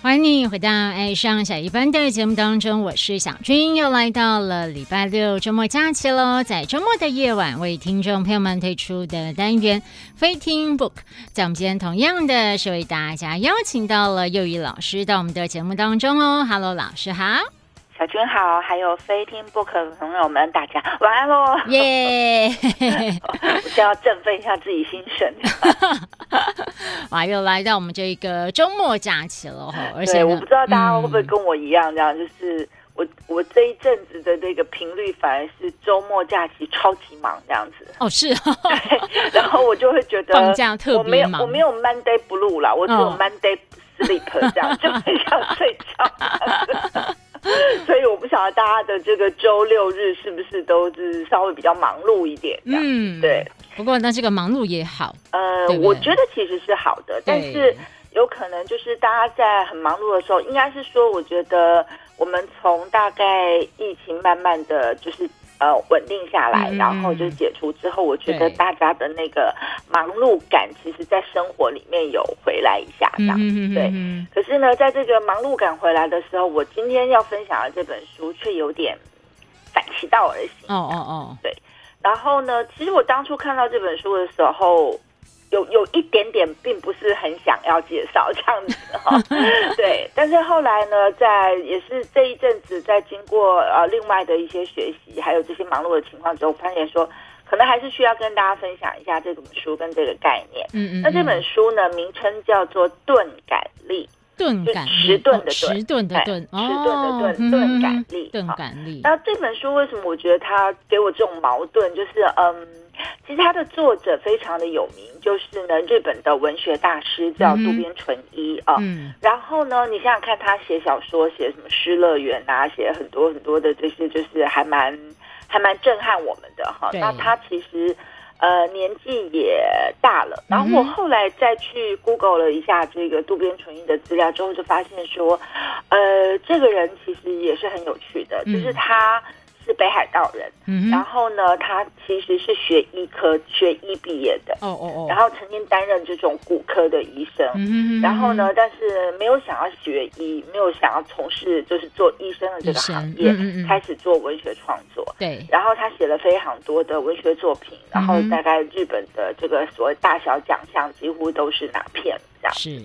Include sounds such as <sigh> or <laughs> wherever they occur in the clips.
歡迎你回到《愛上小一班》的節目當中，我是小君，又來到了禮拜六周末假期嘍。在周末的夜晚，為聽眾朋友們推出的單元《飛聽 book》，在我們今天同樣的是為大家邀請到了幼儀老師到我們的節目當中哦。Hello，老師好。小君好，還有飛聽 book 的朋友們，大家晚安嘍！耶，我現在要振奮一下自己心神。 <laughs> <laughs> 哇，又來到我們這一個周末假期了哈！而且，我不知道大家會不會跟我一樣，嗯、這樣就是我我這一陣子的這個頻率，反而是周末假期超級忙這樣子。哦，是哦對。然後我就會覺得放假特別忙，我沒有 Monday Blue 了，我只有 Monday Sleep 這樣，哦、 <laughs> 就很想睡覺。 <laughs> <laughs> 所以我不曉得大家的這個周六日是不是都是稍微比較忙碌一點，這樣嗯對。不過那這個忙碌也好，呃，對對我覺得其實是好的，但是有可能就是大家在很忙碌的時候，對應該是說，我覺得我們從大概疫情慢慢的就是。呃，穩定下來，然後就解除之後，嗯，我覺得大家的那個忙碌感，其實，在生活裡面有回來一下，對，這樣子，對。可是呢，在這個忙碌感回來的時候，我今天要分享的這本書卻有點反其道而行。哦哦哦，對。然後呢，其實我當初看到這本書的時候。有有一點點，並不是很想要介紹這樣子哈、哦。 <laughs> 對，但是後來呢，在也是這一陣子，在經過呃另外的一些學習，還有這些忙碌的情況之後，我發現說，可能還是需要跟大家分享一下這本書跟這個概念。嗯，嗯嗯。那這本書呢，名稱叫做《鈍感力》，鈍感，遲鈍的鈍，遲鈍的鈍，遲鈍的鈍，鈍感力，鈍感力。那這本書為什麼我覺得它給我這種矛盾，就是嗯。其實他的作者非常的有名，就是呢，日本的文學大師叫渡邊淳一、嗯、啊。嗯。然後呢，你想想看，他寫小說寫什麼《失樂園》啊，寫很多很多的這些，就是還蠻還蠻震撼我們的哈。對那他其實呃年紀也大了。然後我後來再去 Google 了一下這個渡邊淳一的資料之後，就發現說，呃，這個人其實也是很有趣的，嗯、就是他。是北海道人，然後呢，他其實是學醫科、學醫畢業的，然後曾經擔任這種骨科的醫生，然後呢，但是沒有想要學醫，沒有想要從事就是做醫生的這個行業，嗯嗯嗯開始做文學創作，對，然後他寫了非常多的文學作品，然後大概日本的這個所謂大小獎項幾乎都是拿遍了，這樣是。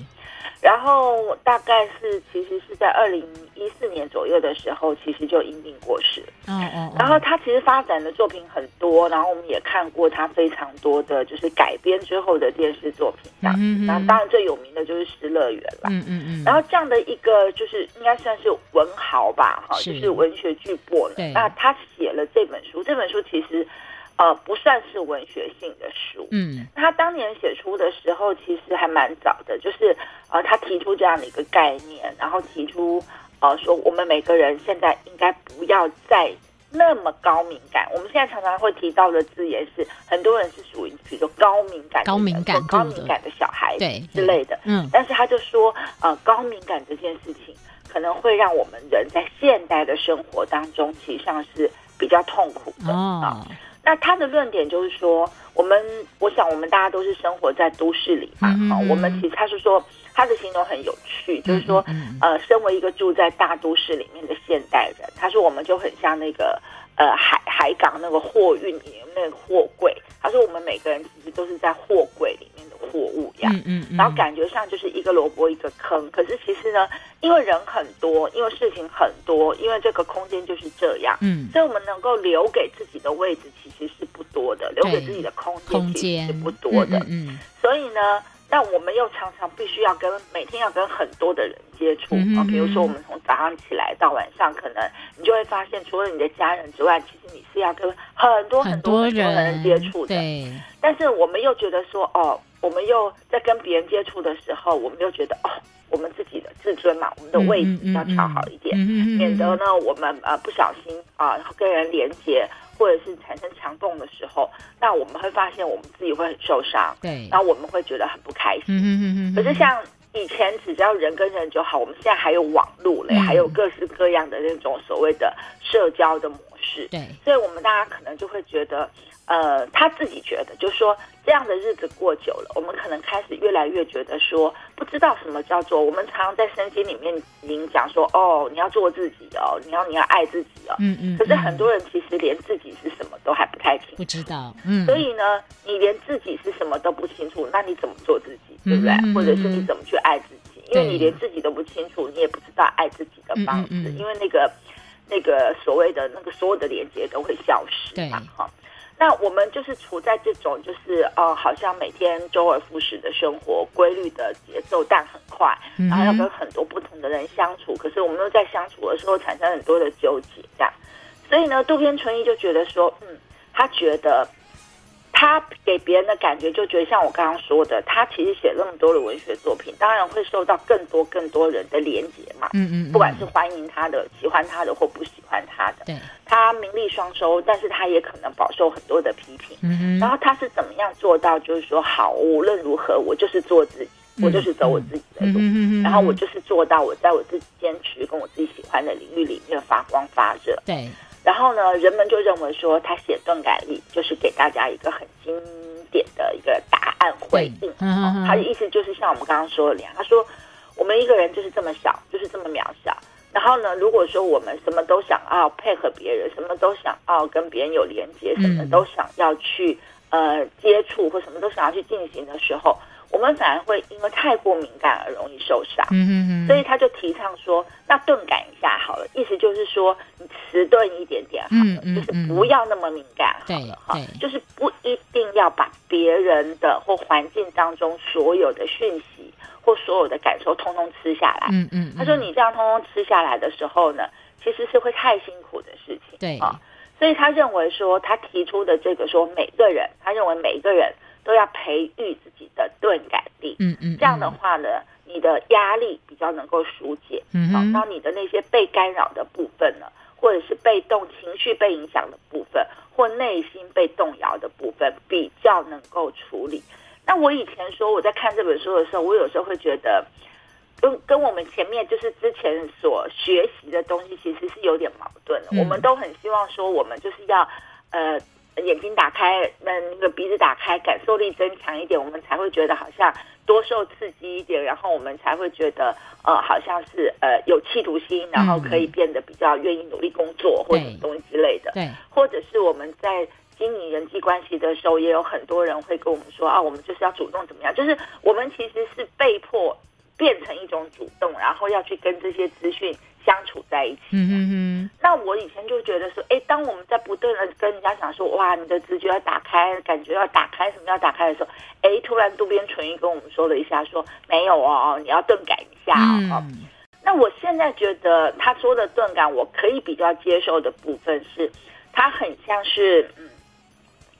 然後大概是其實是在二零一四年左右的時候，其實就因病過世。嗯嗯。然後他其實發展的作品很多，然後我們也看過他非常多的就是改編之後的電視作品。嗯嗯。Mm hmm. 那當然最有名的就是《失樂園》了，mm。嗯嗯嗯。然後這樣的一個就是應該算是文豪吧，哈，啊，是就是文學巨擘。對那他寫了這本書，這本書其實。呃，不算是文學性的書。嗯，他當年寫出的時候，其實還蠻早的。就是呃，他提出這樣的一個概念，然後提出呃，說我們每個人現在應該不要再那麼高敏感。我們現在常常會提到的字眼是，很多人是屬於比如說高敏感的、高敏感、高敏感的小孩對之類的。嗯，嗯，但是他就說，呃，高敏感這件事情可能會讓我們人在現代的生活當中，其實上是比較痛苦的嗯。哦啊那他的論點就是說，我們我想我們大家都是生活在都市裡嘛，哈、嗯哦，我們其實他是說他的形容很有趣，就是說，嗯嗯、呃，身為一個住在大都市裡面的現代人，他說我們就很像那個呃海海港那個貨運那個貨櫃，他說我們每個人其實都是在貨櫃裡面。貨物呀，嗯，嗯然後感覺上就是一個蘿蔔一個坑，可是其實呢，因為人很多，因為事情很多，因為這個空間就是這樣，嗯，所以我們能夠留給自己的位置其實是不多的，留給自己的空間其實是不多的，嗯所以呢，那、嗯嗯嗯、我們又常常必須要跟每天要跟很多的人接觸，嗯嗯、啊，比如說我們從早上起來到晚上，可能你就會發現，除了你的家人之外，其實你是要跟很多很多很多，很多人接觸的，但是我們又覺得說，哦。我們又在跟別人接觸的時候，我們又覺得哦，我們自己的自尊嘛，我們的位置要調好一點，嗯嗯嗯嗯、免得呢我們呃不小心啊、呃、跟人連接，或者是產生強動的時候，那我們會發現我們自己會很受傷，對，然後我們會覺得很不開心。嗯嗯嗯。可是像以前只要人跟人就好，我們現在還有網絡嘞，嗯、還有各式各樣的那種所謂的社交的模式。對，所以我們大家可能就會覺得，呃，他自己覺得，就是說這樣的日子過久了，我們可能開始越來越覺得說，不知道什麼叫做。我們常常在聖經裡面您講說，哦，你要做自己哦，你要你要愛自己哦。嗯嗯。嗯嗯，可是很多人其實連自己是什麼都還不太清楚，不知道。嗯。所以呢，你連自己是什麼都不清楚，那你怎麼做自己，對不對？嗯嗯嗯嗯、或者是你怎麼去愛自己？對因為你連自己都不清楚，你也不知道愛自己的方式，嗯嗯嗯嗯、因為那個。那個所謂的那個所有的連接都會消失嘛？哈對，那我們就是處在這種，就是哦、呃，好像每天周而復始的生活規律的節奏，但很快，然後要跟很多不同的人相處，嗯、哼可是我們都在相處的時候產生很多的糾結，這樣。所以呢，渡邊淳一就覺得說，嗯，他覺得。他給別人的感覺，就覺得像我剛剛說的，他其實寫那麼多的文學作品，當然會受到更多更多人的連接嘛。嗯，嗯嗯。不管是歡迎他的、嗯嗯喜歡他的或不喜歡他的，對。他名利雙收，但是他也可能飽受很多的批評。嗯嗯。然後他是怎麼樣做到，就是說，好，無論如何，我就是做自己，我就是走我自己的路，嗯嗯。然後我就是做到，我在我自己堅持跟我自己喜歡的領域裡面發光發熱。對。然後呢，人們就認為說他寫《鈍感力》就是給大家一個很經典的一個答案回應。嗯嗯哦、他的意思就是像我們剛剛說的那樣，他說我們一個人就是這麼小，就是這麼渺小。然後呢，如果說我們什麼都想要配合別人，什麼都想要跟別人有連接，嗯、什麼都想要去呃接觸，或什麼都想要去進行的時候。我們反而會因為太過敏感而容易受傷，嗯嗯，所以他就提倡說：“那鈍感一下好了。”意思就是說，你遲鈍一點點好了，嗯嗯嗯，就是不要那麼敏感好了哈，就是不一定要把別人的或環境當中所有的訊息或所有的感受通通吃下來。嗯，嗯嗯，他說你這樣通通吃下來的時候呢，其實是會太辛苦的事情。對啊、哦，所以他認為說，他提出的這個說，每個人，他認為每一個人。都要培育自己的鈍感力，嗯，嗯，嗯這樣的話呢，你的壓力比較能夠疏解，嗯嗯哼，讓你的那些被干擾的部分呢，或者是被動情緒被影響的部分，或內心被動搖的部分比較能夠處理。那我以前說我在看這本書的時候，我有時候會覺得跟、嗯、跟我們前面就是之前所學習的東西其實是有點矛盾的。嗯、我們都很希望說我們就是要呃。眼睛打開，那那個鼻子打開，感受力增強一點，我們才會覺得好像多受刺激一點，然後我們才會覺得呃，好像是呃有企圖心，然後可以變得比較願意努力工作、嗯、或者什麼東西之類的。對，對，或者是我們在經營人際關係的時候，也有很多人會跟我們說啊，我們就是要主動怎麼樣，就是我們其實是被迫變成一種主動，然後要去跟這些資訊，相處在一起。嗯哼哼，那我以前就覺得說，哎、欸，當我們在不斷的跟人家講說，哇，你的直覺要打開，感覺要打開，什麼要打開的時候，哎、欸，突然渡邊淳一跟我們說了一下說，說沒有哦，你要鈍感一下哦。嗯、那我現在覺得他說的鈍感，我可以比較接受的部分是，他很像是。嗯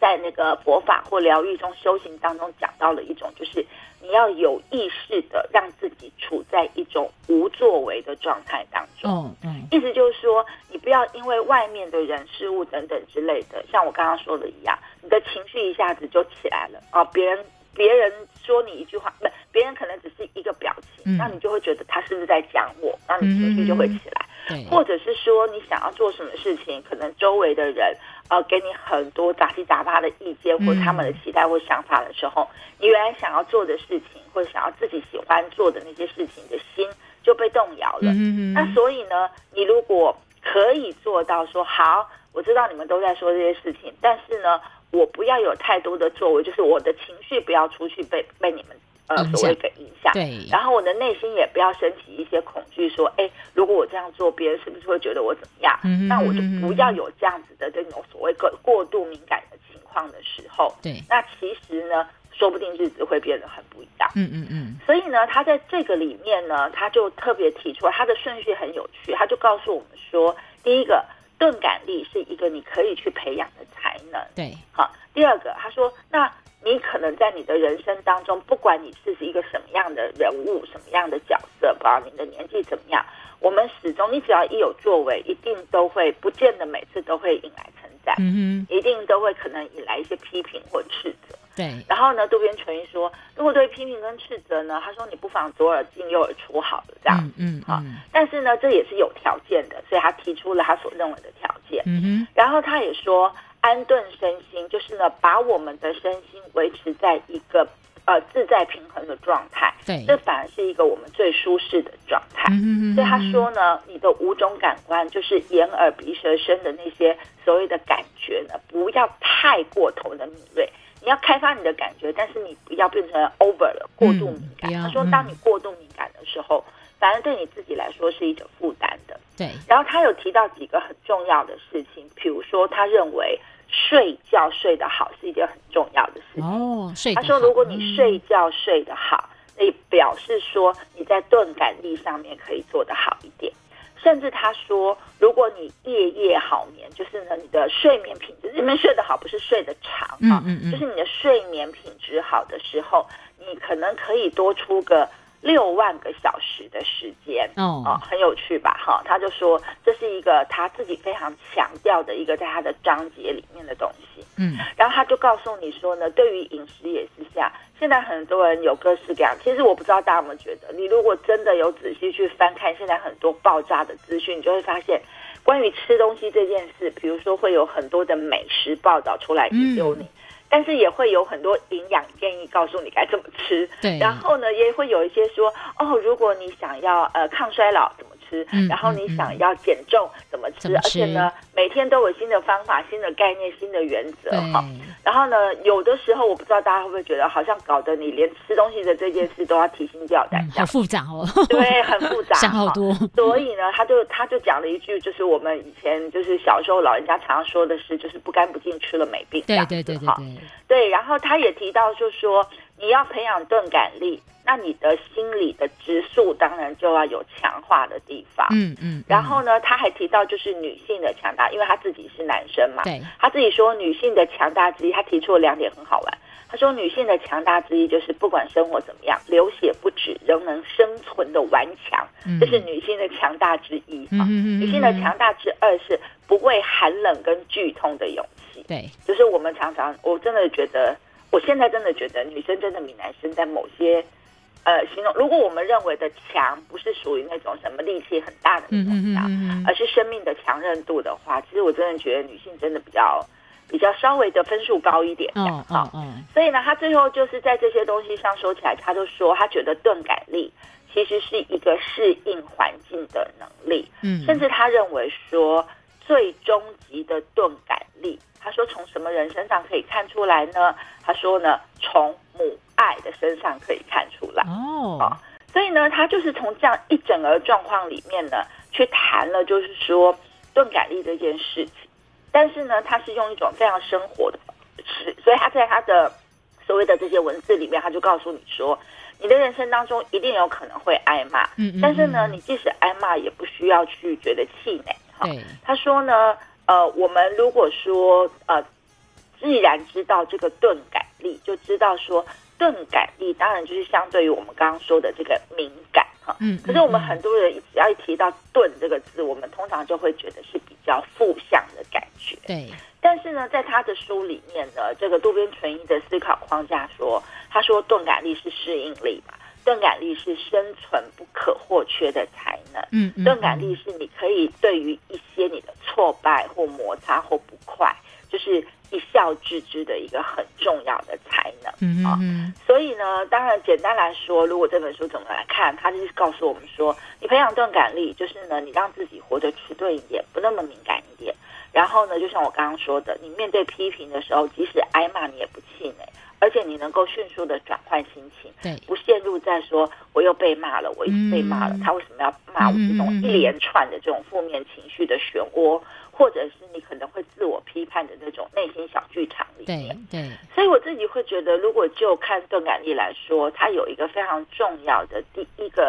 在那個佛法或療癒中修行當中，講到了一種，就是你要有意識地讓自己處在一種無作為的狀態當中。嗯嗯，意思就是說，你不要因為外面的人事物等等之類的，像我剛剛說的一樣，你的情緒一下子就起來了啊！別人別人說你一句話，不，別人可能只是一個表情，那你就會覺得他是不是在講我，那你情緒就會起來。或者是說你想要做什麼事情，可能周圍的人。要給你很多雜七雜八的意見，或者他們的期待或想法的時候，你原來想要做的事情，或者想要自己喜歡做的那些事情的心就被動搖了。嗯，那所以呢，你如果可以做到說好，我知道你們都在說這些事情，但是呢，我不要有太多的作為，就是我的情緒不要出去被被你們。呃，嗯、所謂的影響，對，然後我的內心也不要升起一些恐懼，說，哎，如果我這樣做，別人是不是會覺得我怎麼樣？嗯哼嗯哼。那我就不要有這樣子的這種所謂過過度敏感的情況的時候。對，那其實呢，說不定日子會變得很不一樣。嗯嗯嗯。所以呢，他在這個裡面呢，他就特別提出，他的順序很有趣，他就告訴我們說，第一個。鈍感力是一個你可以去培養的才能。對，好。第二個，他說，那你可能在你的人生當中，不管你是一個什麼樣的人物、什麼樣的角色，不知道你的年紀怎麼樣，我們始終，你只要一有作為，一定都會不見得每次都會引來稱讚，嗯哼，一定都會可能引來一些批評或斥責。對，然後呢，渡邊淳一說，如果對於批評跟斥責呢，他說你不妨左耳進右耳出好了，這樣嗯，嗯嗯，好、啊。但是呢，這也是有條件的，所以他提出了他所認為的條件。嗯哼。然後他也說，安頓身心，就是呢，把我們的身心維持在一個呃自在平衡的狀態。對，這反而是一個我們最舒適的狀態。嗯哼嗯哼。所以他說呢，你的五種感官，就是眼、耳、鼻、舌、身的那些所謂的感覺呢，不要太過頭的敏銳。你要開發你的感覺，但是你不要變成 over 了，過度敏感。嗯、他說，當你過度敏感的時候，嗯、反而對你自己來說是一種負擔的。對。然後他有提到幾個很重要的事情，比如說他認為睡覺睡得好是一件很重要的事情。哦，睡。他說，如果你睡覺睡得好，那、嗯、表示說你在鈍感力上面可以做得好一點。甚至他說，如果你夜夜好眠，就是呢，你的睡眠品質，你們睡得好，不是睡得長啊，嗯嗯嗯，就是你的睡眠品質好的時候，你可能可以多出個。六萬個小時的時間，哦、oh. 啊，很有趣吧？哈，他就說這是一個他自己非常強調的一個在他的章節裡面的東西，嗯，然後他就告訴你說呢，對於飲食也是這樣。現在很多人有各式各樣，其實我不知道大家有沒有覺得。你如果真的有仔細去翻看現在很多爆炸的資訊，你就會發現，關於吃東西這件事，比如說會有很多的美食報道出來，嗯，引誘你，但是也會有很多營養建議告訴你該怎麼吃，對然後呢，也會有一些說，哦，如果你想要呃抗衰老怎麼然後你想要減重、嗯嗯嗯、怎麼吃？而且呢，每天都有新的方法、新的概念、新的原則哈。對然後呢，有的時候我不知道大家會不會覺得，好像搞得你連吃東西的這件事都要提心吊膽，很、嗯、複雜哦。對，很複雜， <laughs> 想好多。所以呢，他就他就講了一句，就是我們以前就是小時候老人家常常說的是，就是不乾不淨吃了沒病這樣子。對,對對對對對。對，然後他也提到，就是說。你要培養鈍感力，那你的心理的質素當然就要有強化的地方。嗯嗯。嗯，然後呢，他還提到，就是女性的強大，因為他自己是男生嘛。對。他自己說女性的強大之一，他提出了兩點很好玩。他說女性的強大之一就是不管生活怎麼樣，流血不止仍能生存的頑強，這是女性的強大之一，啊嗯。嗯嗯。嗯，女性的強大之二是不畏寒冷跟劇痛的勇氣。對。就是我們常常，我真的覺得。我現在真的覺得女生真的比男生在某些，呃，形容，如果我們認為的強不是屬於那種什麼力氣很大的那種強，嗯、哼哼哼而是生命的強韌度的話，其實我真的覺得女性真的比較比較稍微的分數高一點的哈。Oh, oh, oh. 所以呢，他最後就是在這些東西上說起來，他就說他覺得鈍感力其實是一個適應環境的能力，嗯、甚至他認為說。最終極的鈍感力，他說從什麼人身上可以看出來呢？他說呢，從母愛的身上可以看出來。Oh. 哦。所以呢，他就是從這樣一整個狀況裡面呢，去談了就是說鈍感力這件事情。但是呢，他是用一種非常生活的方式，所以他在他的所謂的這些文字裡面，他就告訴你說，你的人生當中一定有可能會挨罵，嗯，嗯，嗯，但是呢，你即使挨罵，也不需要去覺得氣餒。嗯，對他說呢，呃，我們如果說，呃，既然知道這個鈍感力，就知道說鈍感力當然就是相對於我們剛剛說的這個敏感哈，嗯，嗯，嗯，可是我們很多人只要一提到“鈍”這個字，我們通常就會覺得是比較負向的感覺。對，但是呢，在他的書裡面呢，這個渡邊淳一的思考框架說，他說鈍感力是適應力嘛。鈍感力是生存不可或缺的才能。嗯，嗯，鈍感力是你可以對於一些你的挫敗或摩擦或不快，就是一笑置之的一個很重要的才能。嗯、啊、嗯，嗯嗯，所以呢，當然簡單來說，如果這本書怎麼來看，它就是告訴我們說，你培養鈍感力，就是呢，你讓自己活得遲鈍一點，不那麼敏感一點。然後呢，就像我剛剛說的，你面對批評的時候，即使挨罵，你也不氣餒。而且你能夠迅速的轉換心情，不陷入在說我又被罵了，對我已經被罵了，嗯、他為什麼要罵我這種一連串的這種負面情緒的漩渦，嗯、或者是你可能會自我批判的那種內心小劇場裡面。所以我自己會覺得，如果就看鈍感力來說，它有一個非常重要的第一個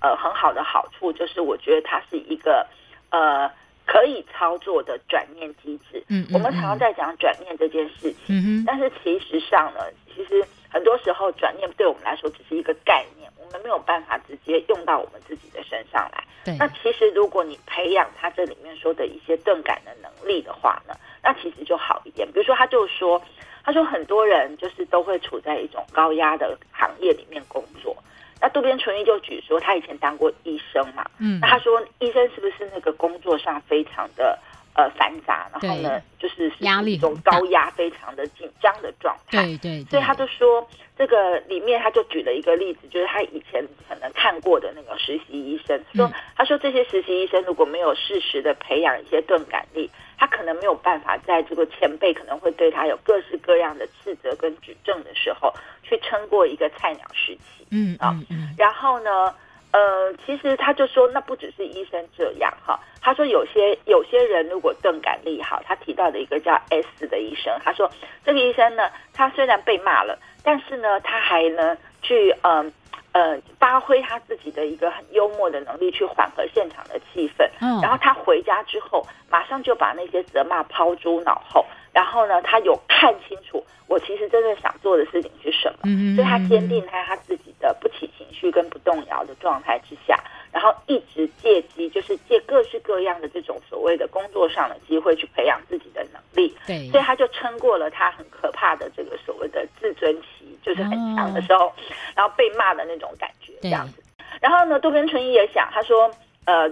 呃很好的好處，就是我覺得它是一個呃。可以操作的轉念機制，嗯，嗯，嗯，我們常常在講轉念這件事情。嗯，嗯，但是其實上呢，其實很多時候轉念對我們來說只是一個概念，我們沒有辦法直接用到我們自己的身上來。對那其實如果你培養他這裡面說的一些鈍感的能力的話呢，那其實就好一點。比如說，他就說，他說很多人就是都會處在一種高壓的行業裡面工作。那渡邊淳一就舉說，他以前當過醫生嘛，嗯，那他說醫生是不是那個工作上非常的，呃，繁雜，然後呢，對就是壓力，中高壓，非常的緊張的狀態。對對，對對，所以他就說，這個裡面他就舉了一個例子，就是他以前可能看過的那個實習醫生，說他說這些實習醫生如果沒有適時的培養一些鈍感力，嗯、他可能沒有辦法在這個前輩可能會對他有各式各樣的斥責跟指正的時候，去撐過一個菜鳥時期。嗯啊，嗯嗯然後呢？呃，其實他就說，那不只是醫生這樣哈。他說有些有些人如果鈍感力好，他提到的一個叫 S 的醫生，他說這個醫生呢，他雖然被罵了，但是呢，他還呢去嗯呃，呃發揮他自己的一個很幽默的能力去緩和現場的氣氛。嗯，然後他回家之後，馬上就把那些責罵拋諸腦後。然後呢，他有看清楚我其實真的想做的事情是什麼，嗯、哼所以他堅定在他，嗯、哼他自己的不起情緒跟不動搖的狀態之下，然後一直借機，就是借各式各樣的這種所謂的工作上的機會去培養自己的能力。對，所以他就撐過了他很可怕的這個所謂的自尊期，就是很強的時候，哦、然後被罵的那種感覺對這樣子。然後呢，渡邊淳一也想他說，呃，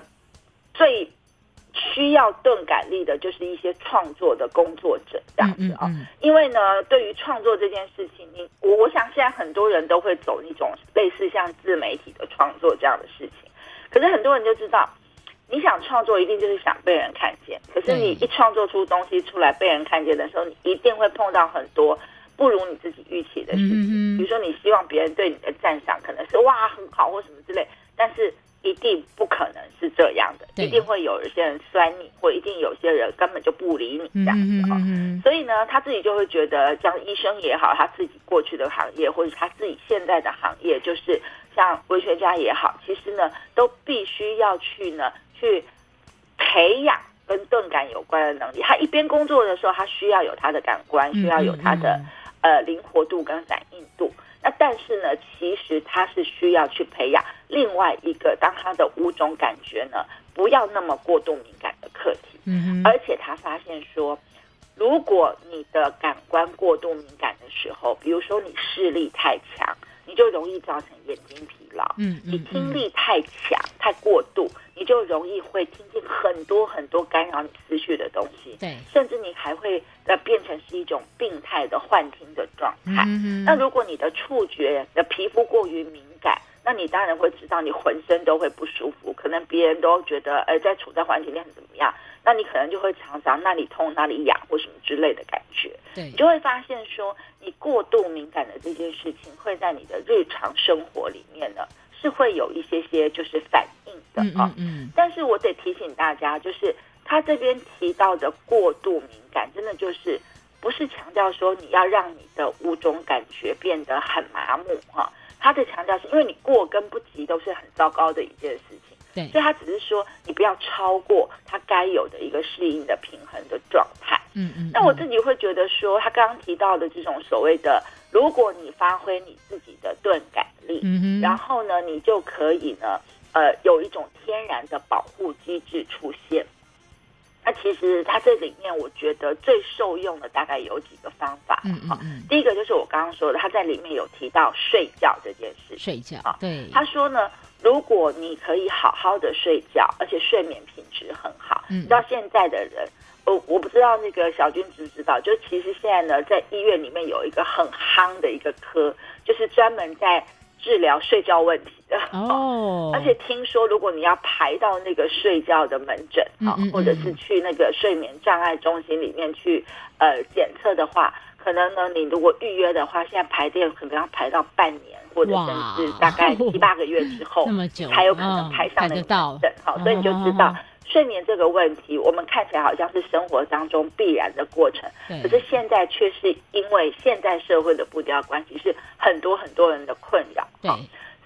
最。需要鈍感力的，就是一些創作的工作者這樣子啊、哦。因為呢，對於創作這件事情，你我我想，現在很多人都會走那種類似像自媒體的創作這樣的事情。可是很多人就知道，你想創作，一定就是想被人看見。可是你一創作出東西出來被人看見的時候，你一定會碰到很多不如你自己預期的事情。比如說，你希望別人對你的讚賞可能是哇很好或什麼之類，但是。一定不可能是這樣的，對一定會有一些人酸你，或一定有些人根本就不理你這樣子、哦、嗯哼嗯哼。所以呢，他自己就會覺得，像醫生也好，他自己過去的行業或者他自己現在的行業，就是像文學家也好，其實呢，都必須要去呢去培養跟鈍感有關的能力。他一邊工作的時候，他需要有他的感官，嗯哼嗯哼，需要有他的，呃，靈活度跟反應度。那但是呢，其實他是需要去培養另外一個，當他的五種感覺呢，不要那麼過度敏感的課題。嗯哼，而且他發現說，如果你的感官過度敏感的時候，比如說你視力太強，你就容易造成眼睛疲勞。嗯，嗯嗯，你聽力太強、太過度，你就容易會聽見很多很多干擾你思緒的東西，對，甚至你還會變成是一種病態的幻聽的狀態。嗯、哼那如果你的觸覺，你的皮膚過於敏感，那你當然會知道你渾身都會不舒服，可能別人都覺得哎、呃，在處在環境裡面怎麼樣。那你可能就會常常哪裡痛哪裡癢或什麼之類的感覺，對你就會發現說，你過度敏感的這件事情會在你的日常生活裡面呢，是會有一些些就是反應的嗯嗯嗯啊。嗯。但是我得提醒大家，就是他這邊提到的過度敏感，真的就是不是強調說你要讓你的五種感覺變得很麻木哈、啊。他的強調是因為你過跟不及都是很糟糕的一件事情。所以他只是說，你不要超過他該有的一個適應的平衡的狀態。嗯，嗯嗯。那我自己會覺得說，他剛剛提到的這種所謂的，如果你發揮你自己的鈍感力，嗯，嗯然後呢，你就可以呢，呃，有一種天然的保護機制出現。那其實它這裡面我覺得最受用的大概有幾個方法。嗯，嗯，嗯、啊。第一個就是我剛剛說的，他在裡面有提到睡覺這件事。睡覺，對、啊、他說呢，如果你可以好好的睡覺，而且睡眠品質很好，嗯，到現在的人，我、嗯哦、我不知道那個小君知不知道，就其實現在呢，在醫院裡面有一個很夯的一個科，就是專門在治療睡覺問題的、啊、哦，而且聽說，如果你要排到那個睡覺的門診啊，嗯嗯嗯或者是去那個睡眠障礙中心裡面去呃檢測的話，可能呢，你如果預約的話，現在排隊可能要排到半年。或者甚至大概七八個月之後，哦、這麼久、才有可能拍上的、哦、到證，好、哦，所以你就知道、哦、睡眠這個問題，哦、我們看起來好像是生活當中必然的過程，對可是現在卻是因為現在社會的步調關係，是很多很多人的困擾，哦、對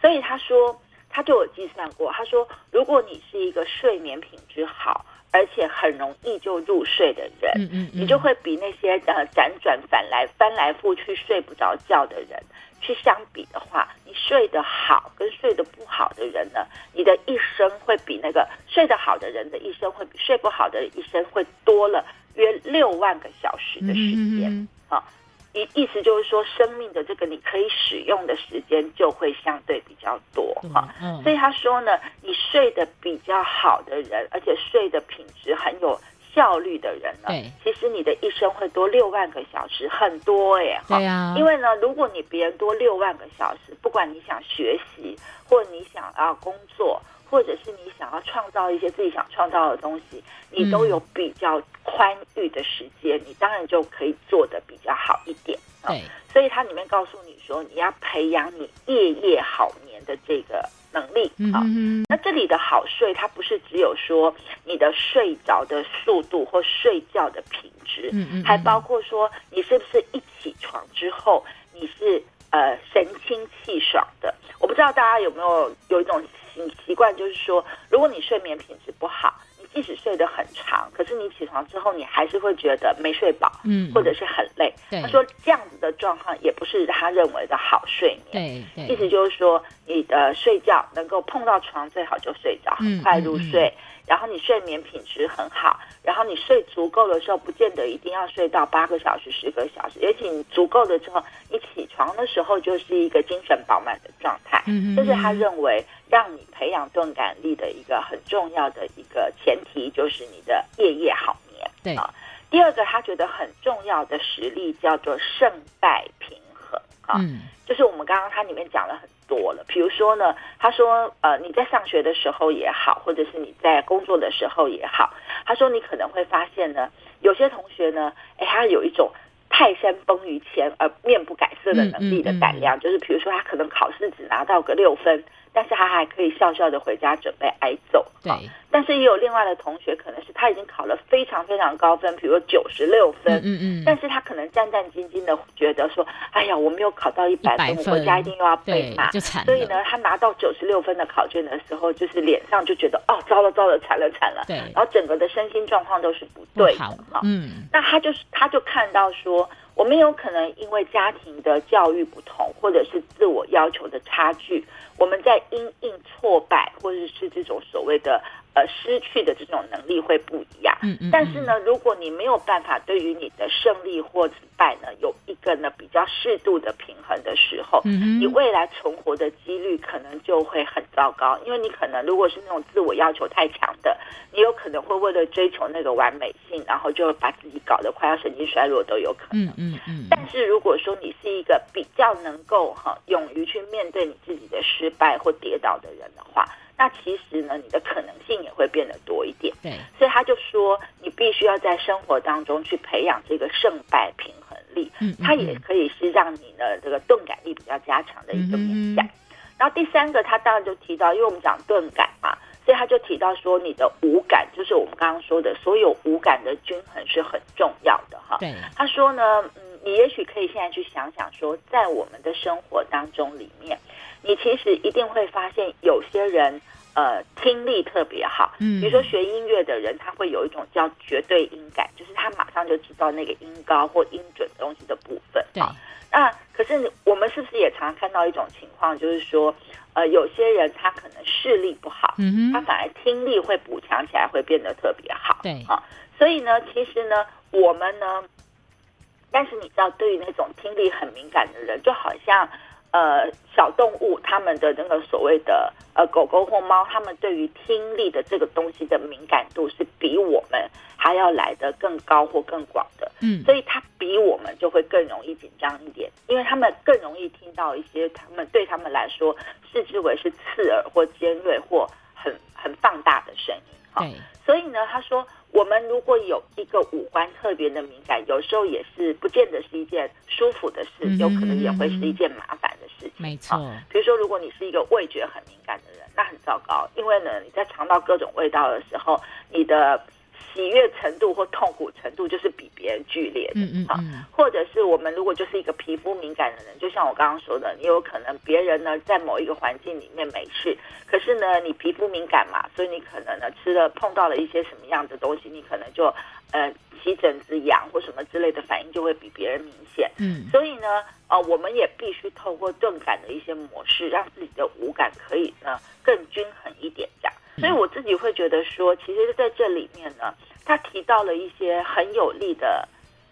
所以他說，他就有計算過，他說，如果你是一個睡眠品質好。而且很容易就入睡的人，嗯嗯嗯、你就會比那些呃輾轉，轉反來、翻來覆去睡不着覺的人去相比的話，你睡得好跟睡得不好的人呢，你的一生會比那個睡得好的人的一生會比睡不好的一生會多了約六萬個小時的時間、嗯嗯嗯、啊。意意思就是說，生命的這個你可以使用的時間就會相對比較多哈、嗯啊，所以他說呢，你睡得比較好的人，而且睡得品質很有效率的人，呢，對其實你的一生會多六萬個小時，很多哎、欸啊啊，因為呢，如果你別人多六萬個小時，不管你想學習或你想要、啊、工作。或者是你想要創造一些自己想創造的東西，你都有比較寬裕的時間，你當然就可以做得比較好一點。對，啊，所以它裡面告訴你說，你要培養你夜夜好眠的這個能力啊。那這裡的好睡，它不是只有說你的睡着的速度或睡覺的品質，還包括說你是不是一起床之後你是。呃，神清氣爽的。我不知道大家有沒有有一種習習慣，就是說，如果你睡眠品質不好。即使睡得很長，可是你起床之後，你還是會覺得沒睡飽，嗯，或者是很累。對他說這樣子的狀況也不是他認為的好睡眠。意思就是說你的睡覺能夠碰到床最好就睡着，很快入睡，嗯、然後你睡眠品質很好，嗯、然後你睡足夠的時候，不見得一定要睡到八個小時、十個小時，尤其你足夠了之後，你起床的時候就是一個精神飽滿的狀態。嗯這是他認為。讓你培養鈍感力的一個很重要的一個前提，就是你的夜夜好眠。對啊，第二個他覺得很重要的實力叫做勝敗平衡啊，嗯、就是我們剛剛他裡面講了很多了。比如說呢，他說呃，你在上學的時候也好，或者是你在工作的時候也好，他說你可能會發現呢，有些同學呢，哎，他有一種泰山崩於前而面不改色的能力的膽量，嗯嗯嗯、就是比如說他可能考試只拿到個六分。但是他還可以笑笑的回家，準備挨揍。對、啊，但是也有另外的同學，可能是他已經考了非常非常高分，比如九十六分。嗯嗯。嗯嗯，但是他可能戰戰兢兢的覺得說：“哎呀，我沒有考到一百分，分回家一定又要被罵，對，就慘了，所以呢，他拿到九十六分的考卷的時候，就是臉上就覺得哦，糟了糟了，慘了慘了。對。然後整個的身心狀況都是不對、哦、嗯。啊、嗯，那他就是，他就看到說，我們有可能因為家庭的教育不同，或者是自我要求的差距。我們在因應挫敗，或者是這種所謂的。呃，失去的這種能力會不一樣。嗯嗯。但是呢，如果你沒有辦法對於你的勝利或失敗呢，有一個呢，比較適度的平衡的時候，嗯，嗯，你未來存活的幾率可能就會很糟糕。因為你可能如果是那種自我要求太強的，你有可能會為了追求那個完美性，然後就把自己搞得快要神經衰弱都有可能。嗯。嗯嗯，但是如果說你是一個比較能夠哈勇於去面對你自己的失敗或跌倒的人的話。那其實呢，你的可能性也會變得多一點。對，所以他就說，你必須要在生活當中去培養這個勝敗平衡力。嗯，它、嗯、也可以是讓你的這個鈍感力比較加強的一個敏感。嗯嗯、然後第三個，他當然就提到，因為我們講鈍感嘛、啊，所以他就提到說，你的五感就是我們剛剛說的所有五感的均衡是很重要的哈。對，他說呢，嗯。你也許可以現在去想想說，說在我們的生活當中裡面，你其實一定會發現有些人，呃，聽力特別好，嗯，比如說學音樂的人，他會有一種叫絕對音感，就是他馬上就知道那個音高或音準東西的部分，哦、對。那可是我們是不是也常看到一種情況，就是說，呃，有些人他可能視力不好，嗯哼，他反而聽力會補強起來，會變得特別好，對啊、哦。所以呢，其實呢，我們呢。但是你知道，對於那種聽力很敏感的人，就好像，呃，小動物他們的那個所謂的呃，狗狗或貓，他們對於聽力的這個東西的敏感度是比我們還要來得更高或更廣的。嗯，所以他比我們就會更容易緊張一點，因為他們更容易聽到一些他們對他們來說，視之為是刺耳或尖銳或很很放大的聲音。哈，啊。所以呢，他說，我們如果有一個五官特別的敏感，有時候也是不見得是一件舒服的事，有可能也會是一件麻煩的事情。嗯嗯嗯，沒錯。啊，比如說，如果你是一個味覺很敏感的人，那很糟糕，因為呢，你在嘗到各種味道的時候，你的。喜悅程度或痛苦程度就是比別人劇烈的，嗯嗯、嗯、啊、或者是我們如果就是一個皮膚敏感的人，就像我剛剛說的，你有可能別人呢在某一個環境裡面沒事，可是呢你皮膚敏感嘛，所以你可能呢吃了碰到了一些什麼樣的東西，你可能就呃起疹子、癢或什麼之類的反應就會比別人明顯，嗯，所以呢，呃，我們也必須透過鈍感的一些模式，讓自己的五感可以呢更均衡一點，這樣。所以我自己會覺得說，其實就在這裡面呢，他提到了一些很有力的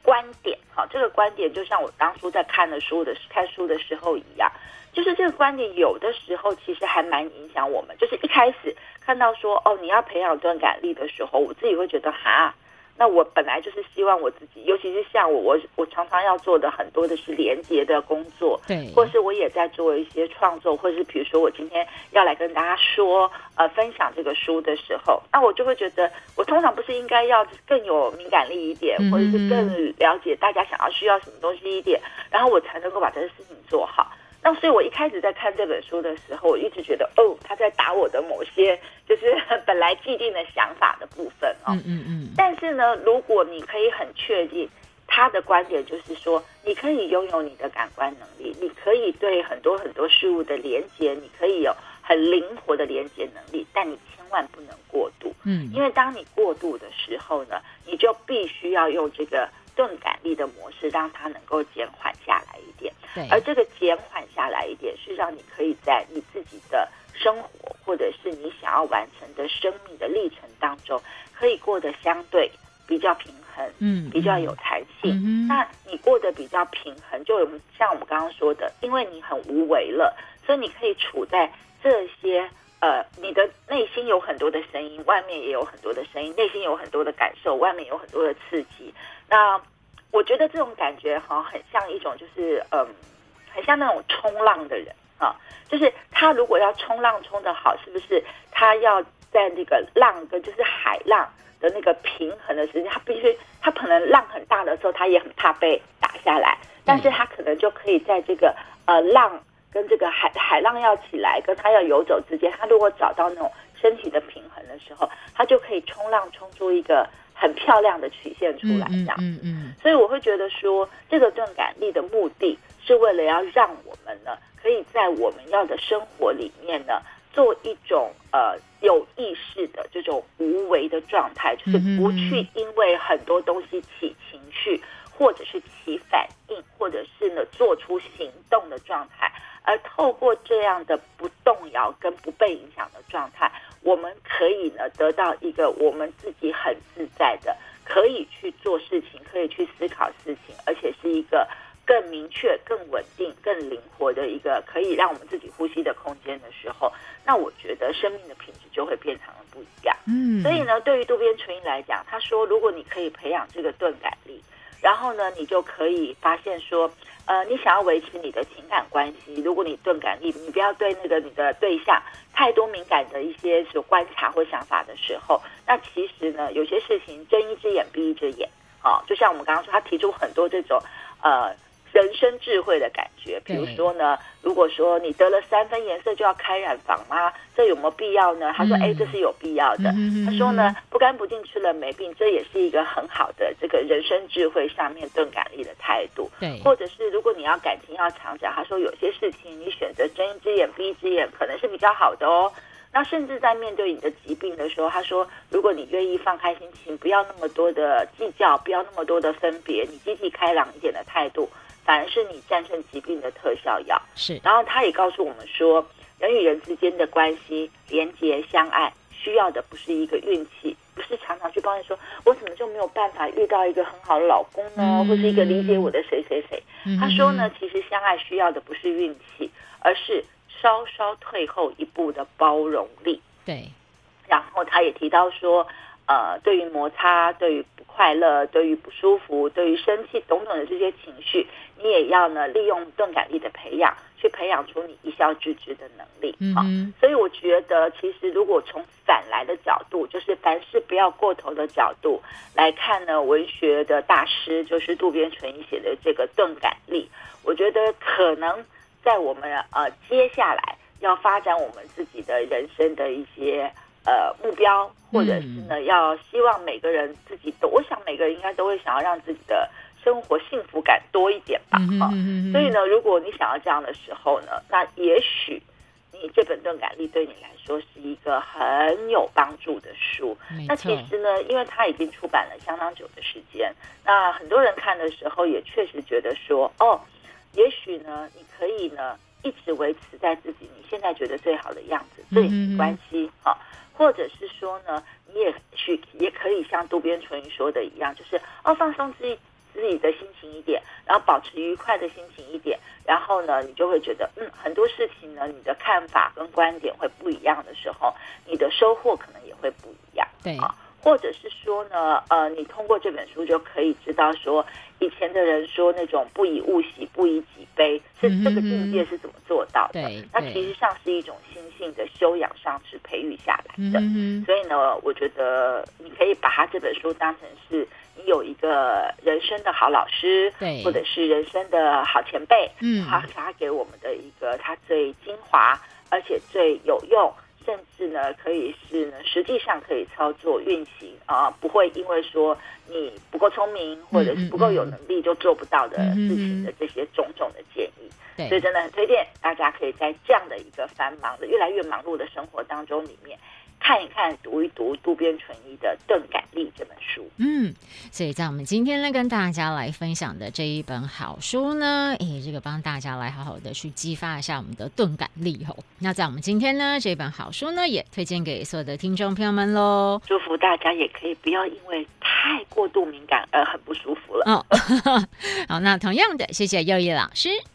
觀點，好，這個觀點就像我當初在看的書的看書的時候一樣，就是這個觀點有的時候其實還蠻影響我們，就是一開始看到說哦，你要培養鈍感力的時候，我自己會覺得哈。那我本來就是希望我自己，尤其是像我，我我常常要做的很多的是連接的工作，對，或是我也在做一些創作，或者是比如說我今天要來跟大家說呃分享這個書的時候，那我就會覺得我通常不是應該要更有敏感力一點，或者是更了解大家想要需要什麼東西一點，然後我才能夠把這個事情做好。那所以，我一開始在看這本書的時候，我一直覺得，哦，他在打我的某些就是本來既定的想法的部分哦。嗯嗯，嗯。但是呢，如果你可以很確定他的觀點，就是說，你可以擁有你的感官能力，你可以對很多很多事物的連接，你可以有很靈活的連接能力，但你千萬不能過度。嗯。因為當你過度的時候呢，你就必須要用這個。鈍感力的模式，讓它能夠減緩下來一點。對，而這個減緩下來一點，是讓你可以在你自己的生活，或者是你想要完成的生命的歷程當中，可以過得相對比較平衡，嗯，比較有彈性。嗯，那你過得比較平衡，就像我們剛剛說的，因為你很無為了，所以你可以處在這些。呃，你的內心有很多的聲音，外面也有很多的聲音，內心有很多的感受，外面有很多的刺激。那我覺得這種感覺哈、哦，很像一種就是，嗯，很像那種衝浪的人啊、哦。就是他如果要衝浪衝得好，是不是他要在那個浪跟就是海浪的那個平衡的時間？他必須，他可能浪很大的時候，他也很怕被打下來，但是他可能就可以在這個呃浪。跟這個海海浪要起來，跟他要游走之間，他如果找到那種身體的平衡的時候，他就可以衝浪衝出一個很漂亮的曲線出來，這樣。嗯嗯。所以我會覺得說，這個鈍感力的目的是為了要讓我們呢，可以在我們要的生活裡面呢，做一種呃有意識的這種無為的狀態，就是不去因為很多東西起情緒，或者是起反應，或者是呢做出行動的狀態。而透過這樣的不動搖跟不被影響的狀態，我們可以呢得到一個我們自己很自在的，可以去做事情，可以去思考事情，而且是一個更明確、更穩定、更靈活的一個可以讓我們自己呼吸的空間的時候，那我覺得生命的品質就會變成了不一樣。嗯，所以呢，對於渡邊淳一來講，他說，如果你可以培養這個鈍感力，然後呢，你就可以發現說。呃，你想要維持你的情感關係，如果你鈍感力，你不要對那個你的對象太多敏感的一些所觀察或想法的時候，那其實呢，有些事情睜一隻眼閉一隻眼，好、哦，就像我們剛剛說，他提出很多這種，呃。人生智慧的感覺，比如說呢，如果說你得了三分顏色就要開染坊嗎？這有沒有必要呢？他說：“嗯、哎，這是有必要的。嗯”他說呢：“不乾不淨吃了沒病，這也是一個很好的這個人生智慧上面鈍感力的態度。對”或者是如果你要感情要長久，他說有些事情你選擇睜一隻眼閉一隻眼，可能是比較好的哦。那甚至在面對你的疾病的時候，他說：“如果你願意放開心情，不要那麼多的計較，不要那麼多的分別，你積極開朗一點的態度。”反而是你戰勝疾病的特效藥是的，然後他也告訴我們說，人與人之間的關係，連結相愛，需要的不是一個運氣，不是常常去抱怨說，我怎麼就沒有辦法遇到一個很好的老公呢？嗯、或是一個理解我的誰誰誰。他說呢，嗯、其實相愛需要的不是運氣，而是稍稍退後一步的包容力。對，然後他也提到說。呃，對於摩擦，對於不快樂，對於不舒服，對於生氣，等等的這些情緒，你也要呢，利用鈍感力的培養，去培養出你一笑置之的能力。啊、嗯哼所以我覺得，其實如果從反來的角度，就是凡事不要過頭的角度來看呢，文學的大師就是渡邊淳一寫的這個鈍感力，我覺得可能在我們呃接下來要發展我們自己的人生的一些。呃，目標或者是呢，要希望每個人自己，嗯、我想每個人應該都會想要讓自己的生活幸福感多一點吧。哈，所以呢，如果你想要這樣的時候呢，那也許你這本《鈍感力》對你來說是一個很有幫助的書。沒錯。那其實呢，因為它已經出版了相當久的時間，那很多人看的時候也確實覺得說，哦，也許呢，你可以呢一直維持在自己你現在覺得最好的樣子，沒、嗯、關係哈。啊或者是說呢，你也許也可以像渡邊淳一說的一樣，就是哦，放鬆自己自己的心情一點，然後保持愉快的心情一點，然後呢，你就會覺得嗯，很多事情呢，你的看法跟觀點會不一樣的時候，你的收穫可能也會不一樣，對啊。或者是說呢，呃，你通過這本書就可以知道，說以前的人說那種不以物喜，不以己悲，是這個境界是怎麼做到的？那、嗯、其實上是一種心性的修養上是培育下來的。嗯、哼所以呢，我覺得你可以把他這本書當成是你有一個人生的好老師，對，或者是人生的好前輩，嗯，他給我們的一個他最精華而且最有用。甚至呢，可以是呢，實際上可以操作運行啊，不會因為說你不夠聰明或者是不夠有能力就做不到的事情的這些種種的建議，嗯嗯嗯，所以真的很推薦大家可以在這樣的一個繁忙的、越來越忙碌的生活當中裡面，看一看、讀一讀渡邊淳一的《鈍感力》這本書。嗯，所以在我們今天呢，跟大家來分享的這一本好書呢，也這個幫大家來好好的去激發一下我們的鈍感力哦。那在我們今天呢，這本好書呢，也推薦給所有的聽眾朋友們嘍。祝福大家也可以不要因為太過度敏感而很不舒服了。哦呵呵，好，那同樣的，謝謝幼儀老師。